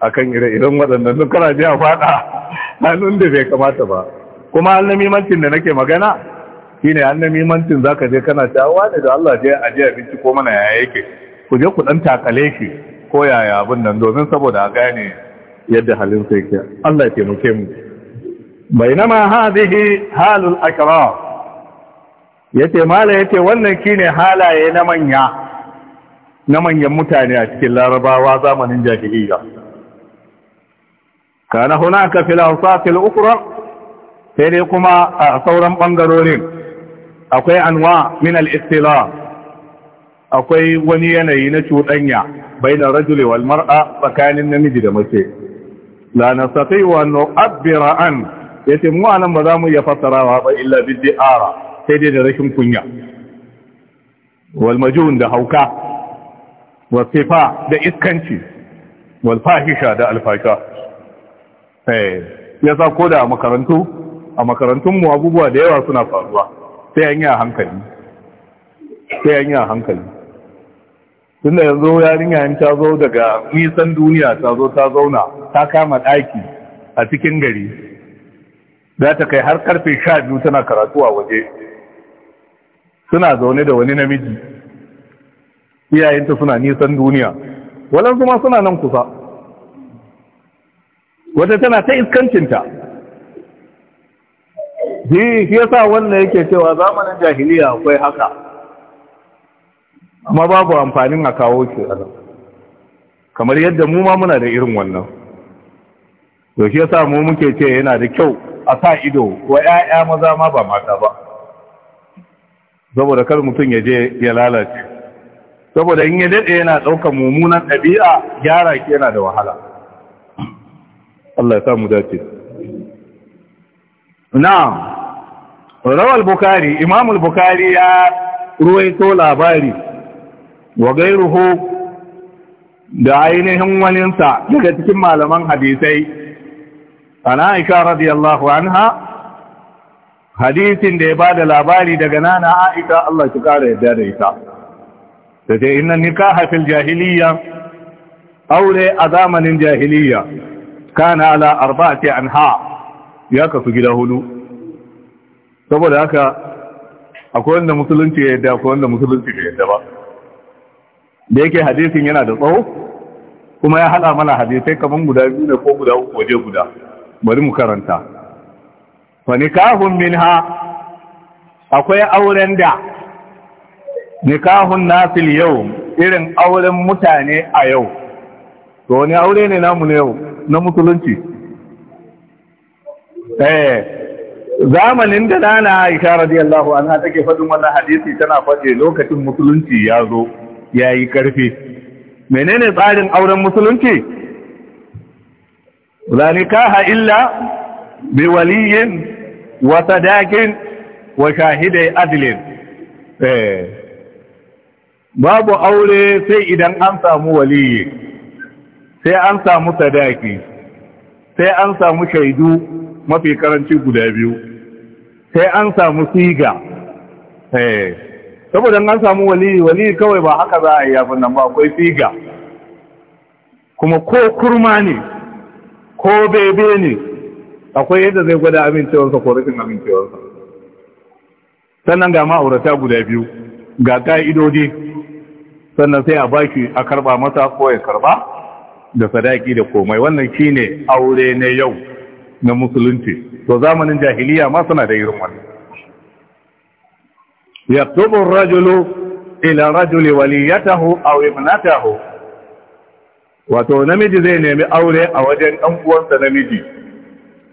akan ire-iren waɗannan sun kana ji a faɗa hannun da bai kamata ba kuma annamimancin da nake magana shine annamimancin za ka je kana cewa ne da Allah je a je abinci ko mana yaya yake ku je ku ɗan takale shi ko yaya abin nan domin saboda a gane yadda halin sai ke Allah ya taimake mu bainama hadhihi halul akram yace mala yace wannan shine halaye na manya na manyan mutane a cikin larabawa zamanin jahiliya kana hunaka fil awsaf al sai dai kuma a sauran bangarorin akwai anwa min al akwai wani yanayi na cuɗanya bainar rajuli wal mar'a tsakanin namiji da mace la nastati wa nu'abbira an yace mu anan ba za mu iya fassarawa ba illa bid di'ara sai dai da rashin kunya wal da hauka wal sifa da iskanci wal fahisha da alfasha eh sa ko da makarantu a makarantun abubuwa da yawa suna faruwa sai an yi a hankali sai an yi a hankali tunda yanzu yarinya in ta zo daga nisan duniya ta zo ta zauna ta kama ɗaki a cikin gari za ta kai har karfe sha biyu tana karatu a waje suna zaune da wani namiji iyayenta suna nisan duniya walan ma suna nan kusa wata tana ta iskancinta shi yasa wannan yake cewa zamanin jahiliya akwai haka amma babu amfanin a kawo shi a kamar yadda mu ma muna da irin wannan to shi yasa mu muke ce yana da kyau a sa ido wa 'ya'ya maza ma ba mata ba saboda kar mutum ya je ya lalace saboda in ya daɗe yana ɗaukar mummunan ɗabi'a gyara ki yana da wahala Allah ya samu dace na'am rawal bukari imamul Bukhari ya ruwaito labari wa gairuhu da ainihin waninsa daga cikin malaman hadisai ana aisha radiyallahu anha hadisin da ya ba da labari daga nana aisha Allah ki kara yadda da ita ta ce inna nikaha fil jahiliya aure a zamanin jahiliya kana ala arba'ati anha ya kafu gida hudu saboda haka akwai wanda musulunci ya yadda akwai wanda musulunci ya yadda ba da yake hadisin yana da tsawo kuma ya hada mana hadisai kaman guda biyu ne ko guda uku waje guda bari mu karanta wa minha akwai auren da nikahun nasil yau irin auren mutane a yau to wani aure ne namu na yau na musulunci eh zamanin da nana Aisha radiyallahu anha take faɗin wannan hadisi tana faɗi lokacin musulunci ya zo yayi karfi menene tsarin auren musulunci la nikaha illa biwaliyin wata wa sadakin wa shahidai adlin babu aure sai idan an samu waliyi sai an samu sadaki sai an samu shaidu mafi karanci guda biyu sai an samu siga saboda an samu waliyi waliyi kawai ba haka za a yi yafin nan ba akwai siga kuma ko kurma ne ko bebe ne akwai yadda zai gwada amincewarsa ko rashin amincewarsa sannan ga ma'aurata guda biyu ga ka'idodi sannan sai a baki a karba masa ko ya karba da sadaki da komai wannan shine aure na yau na musulunci to zamanin jahiliya ma suna da irin wannan yaktubu ar-rajulu ila rajuli waliyatahu aw ibnatahu wato namiji zai nemi aure a wajen dan uwansa namiji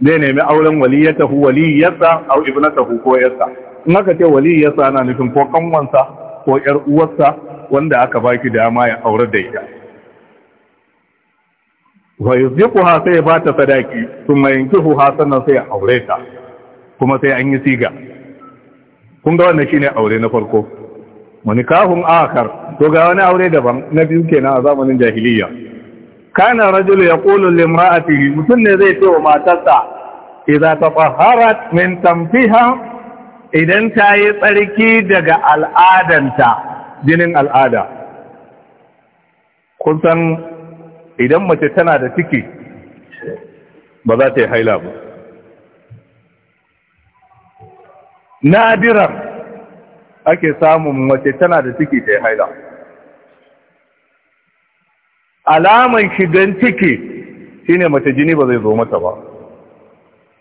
zai nemi auren waliyatahu waliyarsa au ibnatahu ko yarsa in aka ce waliyarsa ana nufin ko kanwansa ko yar uwarsa wanda aka baki dama ya aure da ita wa yuzdiquha sai ba ta sadaki kuma ha sannan sai aure ta kuma sai an yi siga kun ga wannan shine aure na farko wani kahun akar to ga wani aure daban na biyu kenan a zamanin jahiliya kana rajulu a limra'atihi mutum ne zai ce wa matarsa ta tatahharat min tamfiha idan ta yi tsarki daga al'adanta jinin al'ada kun san idan mace tana da ciki ba za ta yi haila ba nadiran ake samun mace tana da ciki ta yi haila alaman shigan ciki shine mace jini ba zai zo mata ba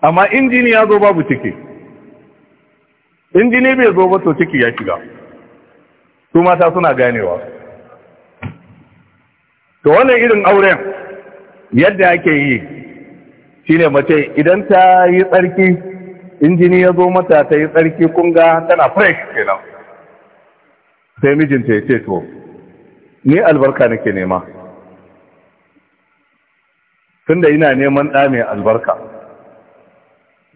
amma in jini ya zo babu ciki in jini bai zo ba to ciki ya shiga su mata suna ganewa to wannan irin auren yadda ake yi shine mace idan ta yi tsarki in jini ya zo mata ta yi tsarki kunga tana fresh kenan sai mijinta ya ce to ni albarka nake nema tunda ina neman ɗa mai albarka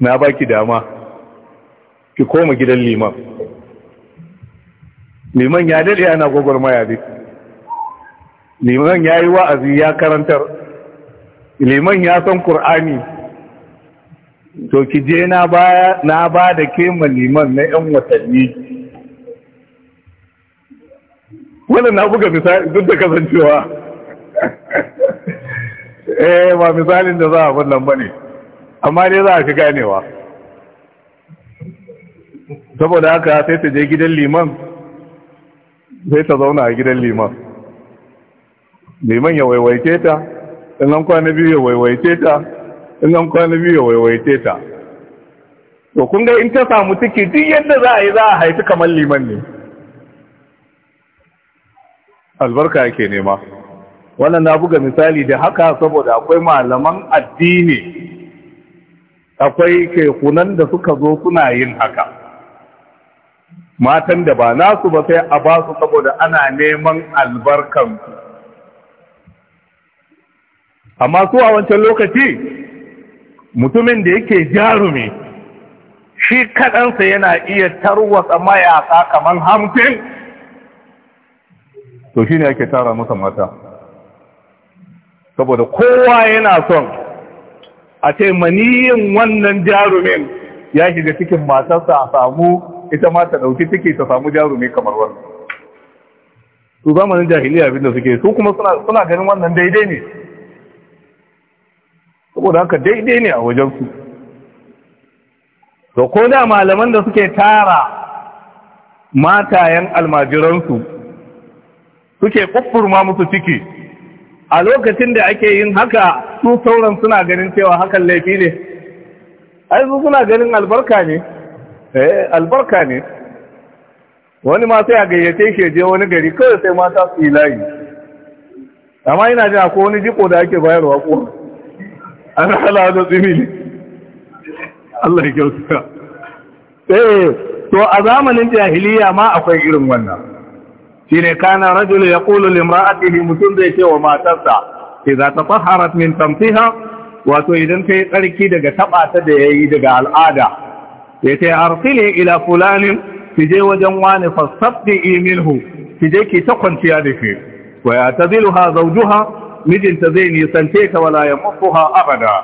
na ba ki dama ki koma gidan liman liman ya dade ana gwagwarmaya duk liman ya yi wa'azi ya karantar liman ya san ƙur'ani to ki je na ba da kema liman na 'yan watanni wannan na buga misali duk da kasancewa eh ba misalin da za a wannan ba ne amma dai za a fi ganewa saboda haka sai ta je gidan liman sai ta zauna a gidan liman liman ya waiwaice ta in an kwana biyu ya waiwaice ta in an kwana biyu ya waiwaice ta to kun ga in ta samu ciki duk yadda za a yi za a haifi kamar liman ne albarka yake nema wannan na buga misali da haka saboda akwai malaman addini akwai kekunan da suka zo suna yin haka matan da ba nasu ba sai a ba su saboda ana neman albarkan amma su a wancan lokaci mutumin da yake jarumi shi kaɗansa yana iya tarwatsa mayaka kamar hamsin to shi ne ake tara masa mata saboda kowa yana son a ce maniyin wannan jarumin ya shiga cikin matarsa a samu ita ma ta ɗauki ciki ta samu jarumi kamar wannan su zamanin jahiliya abinda suke su kuma suna ganin wannan daidai ne saboda haka daidai ne a wajensu to ko da malaman da suke tara matayen almajiransu suke kuffurma musu ciki a lokacin da ake yin haka su sauran suna ganin cewa hakan laifi ne ai su suna ganin albarka ne eh albarka ne wani ma sai a gayyace shi je wani gari kawai sai mata su yi layi amma ina jin akwai wani jiko da ake bayarwa ko an hala da tsimili Allah ya kyauta eh to a zamanin jahiliya ma akwai irin wannan shine kana rajul yaqulu limra'atihi mutum zai ce wa matarsa idza tatahharat min tamtiha wato idan yi tsarki daga taɓata ta da yayi daga al'ada yace arsili ila fulanin je wajen wani fasabdi ki kije ki ta kwanciya da shi wa yataziluha zauduha mijinta zai nisance ta wala yamfuha abada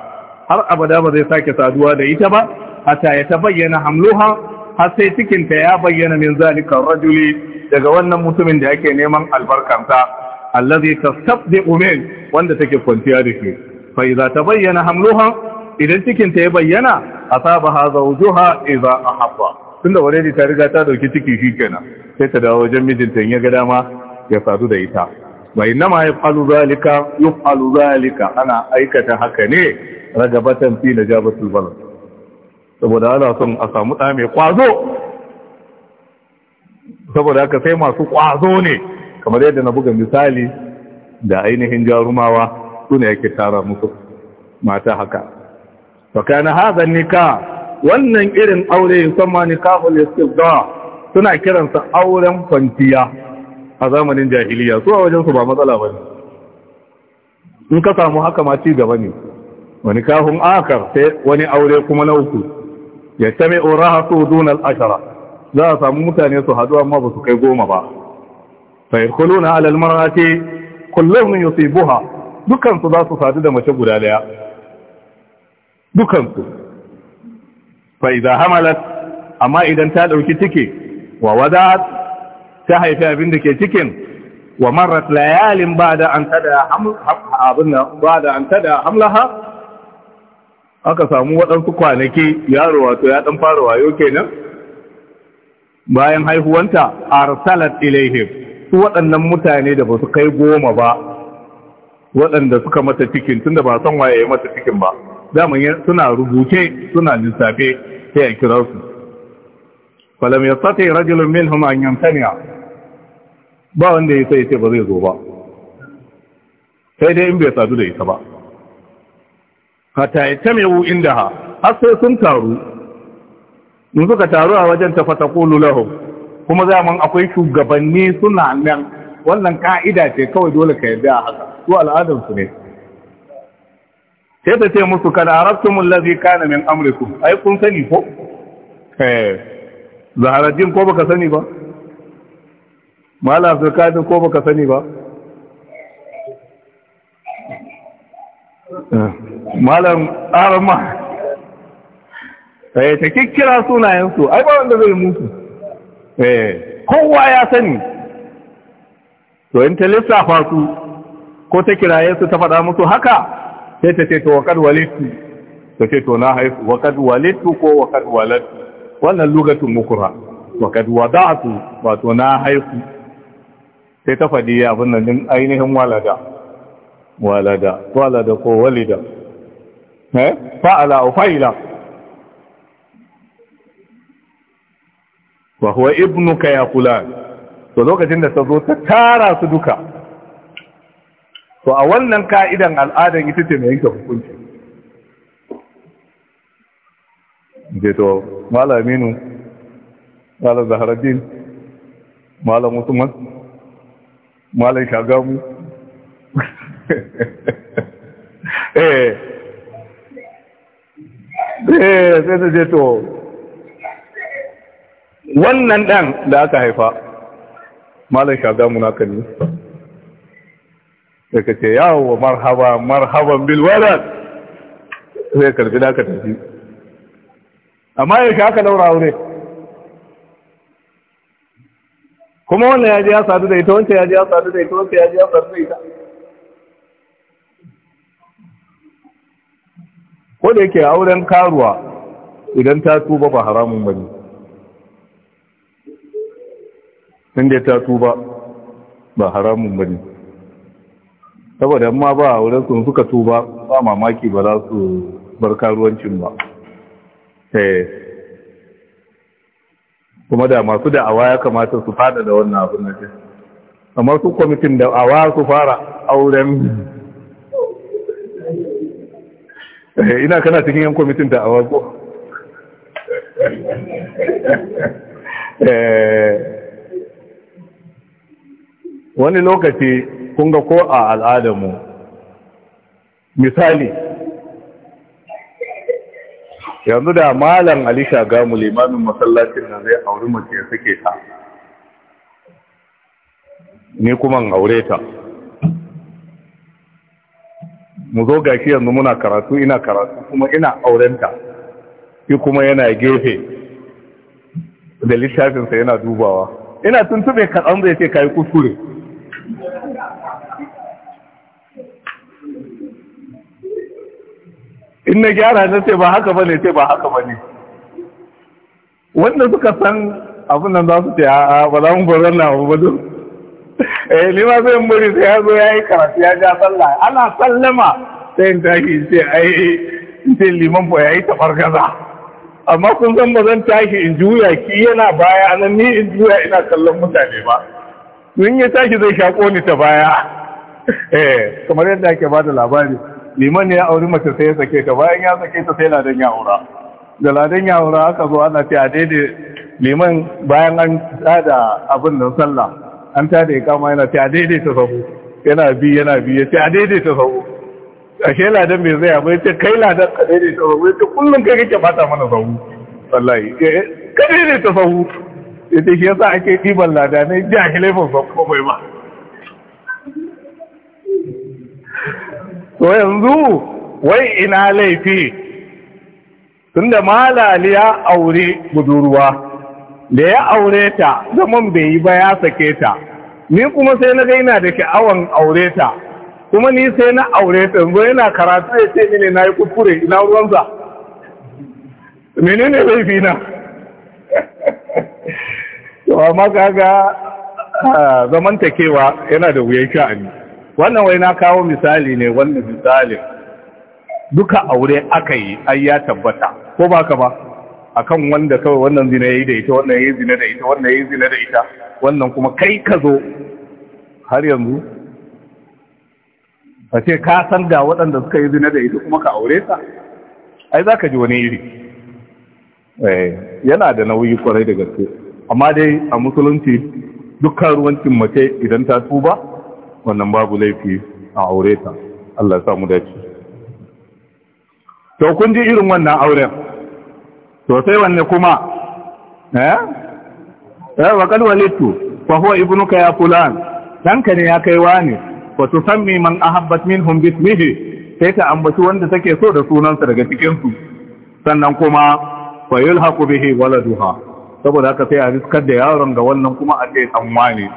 har abada ba zai sake saduwa da ita ba hatta ya bayyana hamluha har sai cikinta ya bayyana min zalika rajuli daga wannan mutumin da yake neman albarkanta allazi tastabdiqu umin wanda take kwanciya da shi fa idza tabayyana hamluha idan cikin ta ya bayyana a zawjuha idza ahabba tunda da ta riga ta dauki ciki shi kenan. sai ta dawo wajen mijinta ya ga dama ya sadu da ita wa innama yaf'alu zalika zalika ana aikata haka ne ragabatan fi najabatul balad saboda ana son a samu da mai kwazo saboda haka sai masu kwazo ne kamar yadda na buga misali da ainihin jarumawa su ne yake tara musu mata haka fakana hazan nika wannan irin aure yusamma nikahul istibda suna kiransa auren kwanciya a zamanin jahiliya su a wajensu ba matsala ba ne in ka samu haka ma ci gaba ne wani kahun akar sai wani aure kuma na uku ya tame uraha su dunal ashara za a samu mutane su haɗu amma ba su kai goma ba fa yadkhuluna ala almar'ati kullun yusibuha dukan su za su sadu da mace guda daya dukan su fa idza hamalat amma idan ta dauki ciki wa wada'at ta haifi abin da ke cikin wa marrat layalin ba'da an tada hamlaha ba'da an tada hamlaha aka samu waɗansu kwanaki yaro wato ya ɗan fara wayo kenan bayan haihuwanta arsalat ilaihim su waɗannan mutane da ba su kai goma ba waɗanda suka mata cikin tunda ba san waye mata cikin ba daman suna rubuce suna lissafe sai a kira su falam yastati rajulun minhum an yamtani'a ba wanda ya sai ce ba zai zo ba sai dai in bai sadu da ita ba hatta yatamu indaha har sai sun taru in suka taru a wajen ta fatakulu lahu kuma zaman akwai shugabanni suna nan wannan ka'ida ce kawai dole ka yarda a haka su al'adar su ne sai ta ce musu kada arabtum allazi kana min amrikum ai kun sani ko eh zaharaddin ko baka sani ba mala abdulkadir ko baka sani ba eh. malam arama eh ta kikkira sunayensu ai ba wanda zai mutu eh kowa ya sani to in ta lissafa su ko ta kiraye su ta faɗa musu haka sai ta ce to waqad walittu ta ce to na haifu waqad walittu ko waqad walattu wannan lugatun mukura waqad wada'tu wato na haifu sai ta faɗi abin nan din ainihin walada walada walada ko walida eh fa'ala fa'ila wa huwa ibnuka ya fulan to lokacin da ta zo ta tara su duka to a wannan ka'idan al'adan ita ce mai yanke hukunci je to malaminu malam zaharaddin malam usman malam shagamu eh eh sai ta je to wannan ɗan da aka haifa malar shaga munaka ne da ka ce yawo marhaba marhaban bilwada zai karfi da aka tafi amma ya shi aka daura aure kuma wannan ya ji ya sadu da ita wancan ya ji ya sadu da ita wancan ya ji ya sadu da ita ko da yake auren karuwa idan ta tuba ba haramun bane inda ta tuba ba haramun bane saboda amma ba a wurin sun suka tuba ba mamaki ba za su bar karuwancin ba eh. kuma da masu da'awa ya kamata su fada da wannan abin da amma su kwamitin da'awa su fara auren eh, ina kana cikin yan kwamitin awa ko eh wani lokaci kun ga ko a al'adamu misali yanzu da malam ali shagamu limamin masallacin na zai auri mace ya suke ta ni kuma aure ta mu zo gashi yanzu muna karatu ina karatu kuma ina aurenta shi kuma yana gefe da littafinsa yana dubawa ina tuntube kaɗan zai ce ka yi kuskure in na gyara na ce ba haka bane ce ba haka bane wanda suka san abin nan za su ce a ba za mu bar na abu ba duk eh ni ma sai muri sai ya zo ya yi karatu ya ja sallah ana sallama sai ta tashi sai ai sai liman ba ya yi gaza. amma kun san ba zan tashi in juya ki yana baya nan ni in juya ina kallon mutane ba in ya tashi zai shako ni ta baya eh kamar yadda ake ba da labari liman ya auri mace sai ya sake ta bayan ya sake ta sai ladan ya aura da ladan ya aura aka zo ana ce a daidai liman bayan an tada abin da sallah an tada ya kama yana ce a daidai ta sabu yana bi yana bi ya ce a daidai ta a ashe ladan bai zai ya ce kai ladan ka daidai ta sabu ya ce kullum kai kake fata mana sabu wallahi eh, eh, ka daidai ta sabu ya ce shi yasa ake ɗiban ladanai jahilai ban sahu ba to yanzu wai ina laifi tun da malali ya aure budurwa da ya aure ta zaman bai yi ba ya sake ta ni kuma sai na gaina da sha'awan aure ta kuma ni sai na aure ta yanzu yana karatu ya ce mini na yi kuskure ina ruwansa menene laifi na Amma maka ga ah, zamantakewa yana da wuyan sha'ani wannan wai na kawo misali ne wannan misalin duka aure aka yi ai ya tabbata ko ba ka ba akan wanda kawai wannan zina yayi da ita wannan yayi zina da ita wannan yayi zina da ita wannan kuma kai ka zo har yanzu a ce ka san ga waɗanda suka yi zina da ita kuma ka aure ta ai za ka ji wani iri eh, yana da nauyi kwarai da gaske amma dai a musulunci dukkan ruwancin mace idan ta tuba wannan babu laifi a aure ta Allah samu dace to kun ji irin wannan auren to sai wanne kuma eh eh wa walitu fa huwa ibnuka ya fulan danka ne ya kai wani wa tusammi man ahabbat minhum bismihi sai ta ambaci wanda take so da sunansa daga cikin su sannan kuma fa yulhaqu bihi waladuha saboda haka sai a riskar da yaron ga wannan kuma a ce tsammani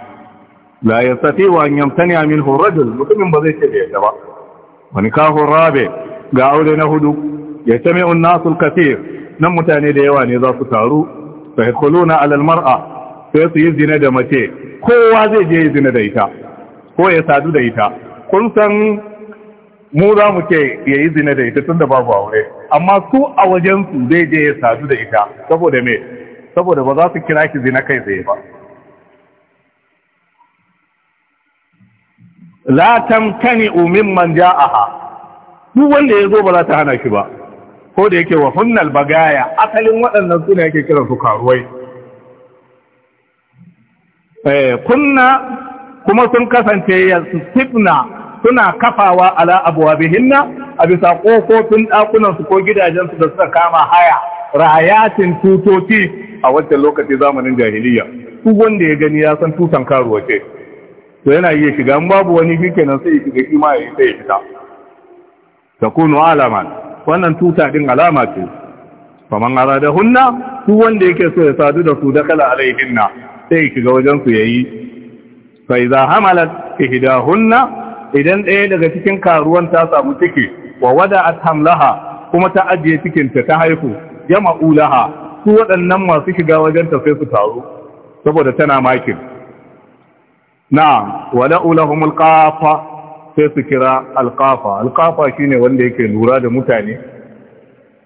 la yastati wa an yamtani minhu rajul mutumin ba zai ce ba wani kahun rabe ga aure na hudu ya tame un nasul nan mutane da yawa ne za su taru fa yadkhuluna ala al mar'a sai su yi zina da mace kowa zai je yi zina da ita ko ya sadu da ita kun san mu za mu ce ya yi zina da ita tun da babu aure amma su a wajen su zai je ya sadu da ita saboda me saboda ba za su kira ki zina kai tsaye ba la tamkani umin man ja'aha duk wanda ya zo ba za ta hana shi ba ko da yake wa hunnal bagaya asalin waɗannan suna yake kiran su karuwai eh kunna kuma sun kasance ya sifna suna kafawa ala abwabihinna a bisa kofofin ɗakunansu ko gidajensu da suka kama haya rayatin tutoti a wancan lokaci zamanin jahiliya duk wanda ya gani ya san tutan karuwa ce to yana iya shiga in babu wani nan sai ya shiga shi ma ya sai ya fita kunu alaman wannan tuta din alama ce ara da hunna su wanda yake so ya sadu da su da kala alaihinna sai ya shiga wajen su yayi fa idza hamalat ihdahunna idan ɗaya daga cikin karuwan ta samu ciki wa wada hamlaha kuma ta ajiye cikin ta ta haifu jama'u su waɗannan masu shiga wajen ta sai su taru saboda tana makin na'am wala ulahum alqafa sai su kira alqafa alqafa shine wanda yake lura da mutane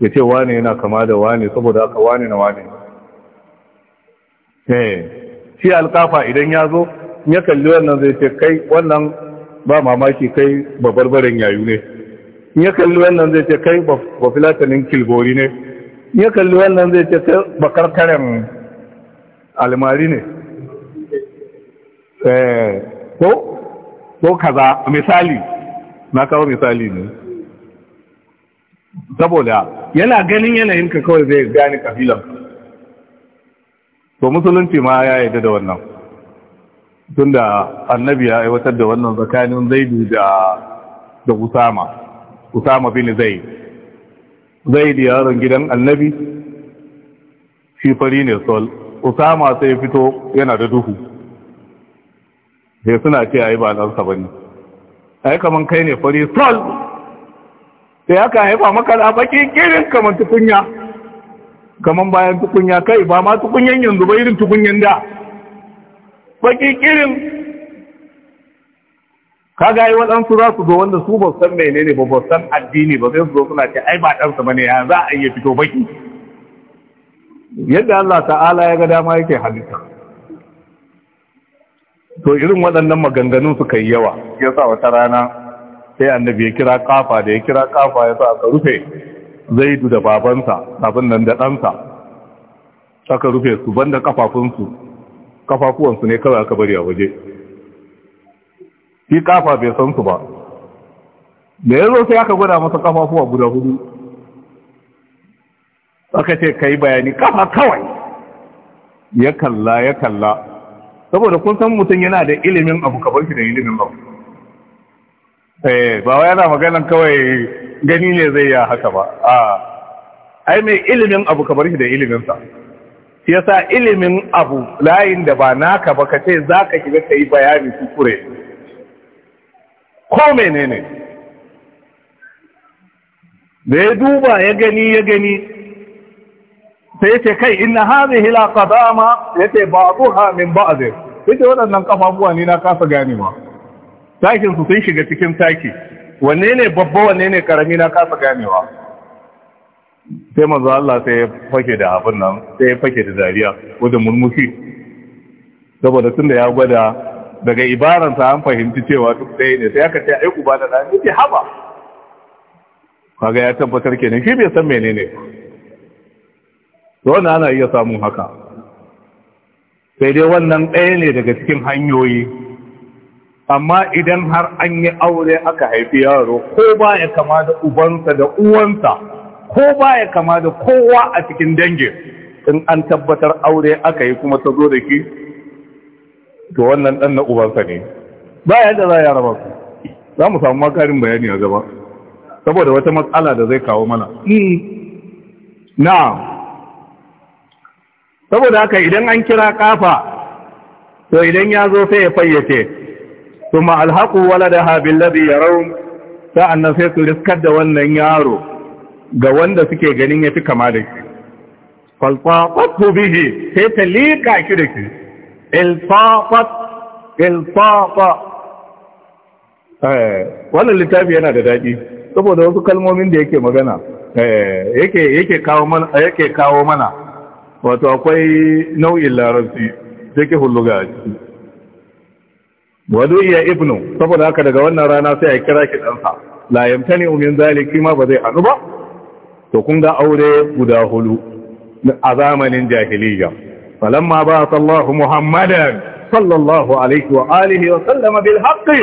yace wane yana kama da wane saboda aka wane na wane eh shi alqafa idan yazo ya kalli wannan zai ce kai wannan ba mamaki kai babarbaren yayu ne ya kalli wannan zai ce kai ba filatanin kilbori ne ya kalli wannan zai ce kai bakarkaren almari ne Eh, ko ko kaza misali na kawo misali ne saboda yana ganin yanayin ka kawai zai gane kabilan to musulunci ma ya yarda da wannan tunda annabi ya aiwatar da wannan tsakanin zaidu da da usama usama bin zaid zaid yaron gidan annabi shi fari ne sol usama sai fito yana da duhu sai suna ce ai ba ɗansa ba ai kaman kai ne fari sol sai aka haifa maka da baki kirin kaman tukunya kaman bayan tukunya kai ba ma tukunyan yanzu ba irin tukunyan da baki kirin kaga ai waɗansu za su zo wanda su ba san menene ba ba san addini ba sai su zo suna ce ai ba ɗansa ba ya za a iya fito baki yadda Allah ta'ala ya ga dama yake halitta to irin waɗannan maganganu suka yi yawa ya sa wata rana sai annabi ya kira kafa da ya kira kafa ya sa aka rufe zaidu da babansa abin nan da ɗansa aka rufe su banda kafafunsu kafafuwansu ne kawai aka bari a waje shi kafa bai san su ba da ya zo sai aka gwada masa kafafuwa guda hudu aka ce ka yi bayani kafa kawai ya kalla ya kalla saboda kun san mutum yana da ilimin abu ka shi da ilimin abu eh ba wai yana maganan kawai gani ne zai ya haka ba a ai mai ilimin abu ka shi da ilimin sa shi yasa ilimin abu layin da ba naka ba ka ce za zaka shiga kai bayani kure ko menene da ya duba ya gani ya gani sai yake kai inna hadhihi la qadama yace ba'dha min ba'd yace waɗannan kafafuwa ne na kasa ganewa takin su sun shiga cikin taki wanne ne babba wanne ne karami na kasa ganewa sai manzo Allah sai ya fake da abin nan sai ya fake da dariya wanda murmushi saboda tunda ya gwada daga ibaransa an fahimci cewa duk ɗaya ne sai aka ce ai ba da ɗan yace haba kaga ya tabbatar kenan shi bai san menene da wannan ana iya samun haka sai dai wannan ɗaya ne daga cikin hanyoyi amma idan har an yi aure aka haifi yaro ko ba ya kama da ubansa da uwansa ko ba ya kama da kowa a cikin dangin in an tabbatar aure aka yi kuma ta zo da ki to wannan ɗan na ubansa ne ba ya da za ya raba su za mu samu makarin bayani a gaba saboda wata matsala da zai kawo mana hmm. na saboda haka idan an kira kafa to idan ya zo sai ya fayyace kuma alhaku wala da habin labi ya raun sa'an nan sai su riskar da wannan yaro ga wanda suke ganin ya fi kama da shi falfafattu bihi sai ta liƙa shi da shi ilfafat ilfafa eh, wannan littafi yana da daɗi saboda wasu kalmomin da yake magana eh, yake kawo mana wato akwai nau'in larabci take hulluga a ciki wadu iya ibnu saboda haka daga wannan rana sai a kira ki ɗansa ne yamtani umin zaliki ma ba zai hannu ba to kun ga aure guda hulu a zamanin jahiliya falamma ba sallahu muhammadan sallallahu alaihi wa alihi wa sallama bil haqqi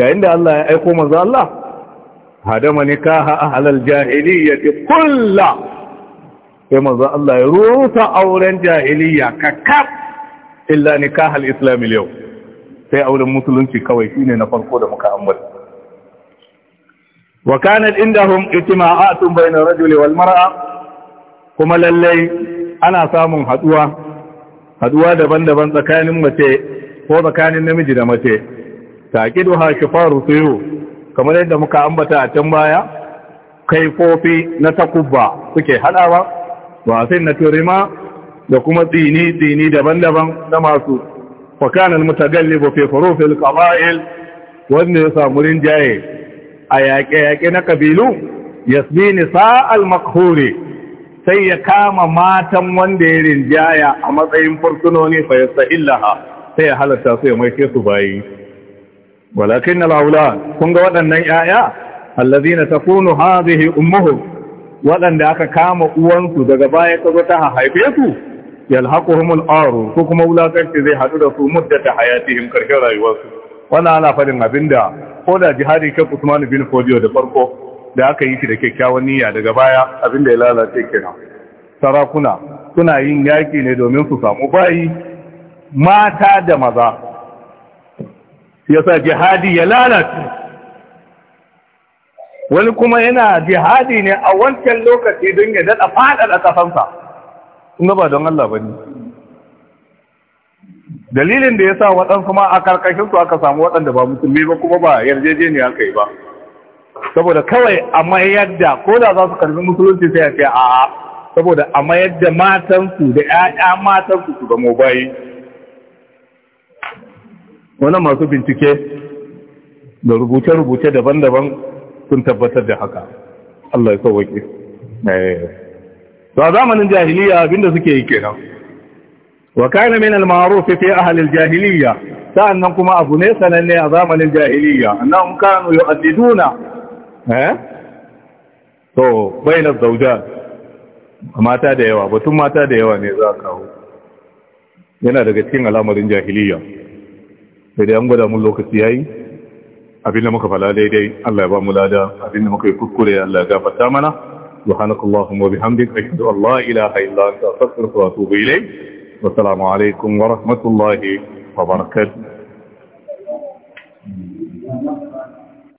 yayin da Allah ya aiko manzo Allah hadama nikaha ahlal jahiliyyati kullu sai manzo Allah ya rusa auren jahiliya kakaf illa nikahal islam yau sai auren musulunci kawai shine na farko da muka ambata wa kanat indahum ijtima'atun bayna ar-rajuli wal mar'a kuma lallai ana samun haduwa haduwa daban-daban tsakanin mace ko tsakanin namiji da mace taqiduha shifaru suyu kamar yadda muka ambata a can baya kaifofi na takubba suke hadawa wasin na turima da kuma tsini-tsini daban-daban na masu fakanan mutagallibu fi furufil qaba'il wanda ya samu rinjaye a yaƙe-yaƙe na kabilu yasmini sa'al makhuri sai ya kama matan wanda ya rinjaya a matsayin fursunoni fa yasta'illaha sai ya halatta su ya maike su bayi walakin al'aula kun ga waɗannan 'ya'ya allazina takunu hadhihi ummuhum waɗanda aka kama uwansu daga baya ka zo ta haife su yalhaquhumul aru ko kuma wulakanci zai haɗu da su muddata hayatihim karshen rayuwarsu wannan ana faɗin abinda ko da jihadi ke Usman bin Fodiyo da farko da aka yi shi da kyakkyawan niyya daga baya abinda ya lalace kenan sarakuna suna yin yaki ne domin su samu bayi mata da maza yasa jihadi ya lalace wani kuma yana jihadi ne a wancan lokaci don ya daɗa faɗaɗa ƙasansa inda ba don Allah ba ne dalilin da ya sa waɗansu ma a karkashinsu aka samu waɗanda ba musulmi ba kuma ba yarjejeniya kai ba saboda kawai a mayar da ko da za su karbi musulunci sai a ce a saboda a mayar da matansu da 'ya'ya matansu su zamo bayi wannan masu bincike da rubuce-rubuce daban-daban sun tabbatar da haka Allah ya sauwaƙe eh. to a zamanin jahiliya abinda suke yi kenan wa kana min al-ma'ruf fi ahli al-jahiliya sa'annan kuma abu ne sananne a zamanin jahiliya annahum kanu yu'addiduna eh to bayna zawjat mata da yawa batun mata da yawa ne za kawo yana daga cikin al'amarin jahiliya sai dai an gwada mun lokaci yayi abinda muka fala daidai Allah ya ba mu lada abinda muka yi kuskure Allah ya gafarta mana subhanakallahumma wa bihamdika ashhadu an la ilaha illa anta astaghfiruka wa atubu ilayk wa assalamu alaikum wa rahmatullahi wa barakatuh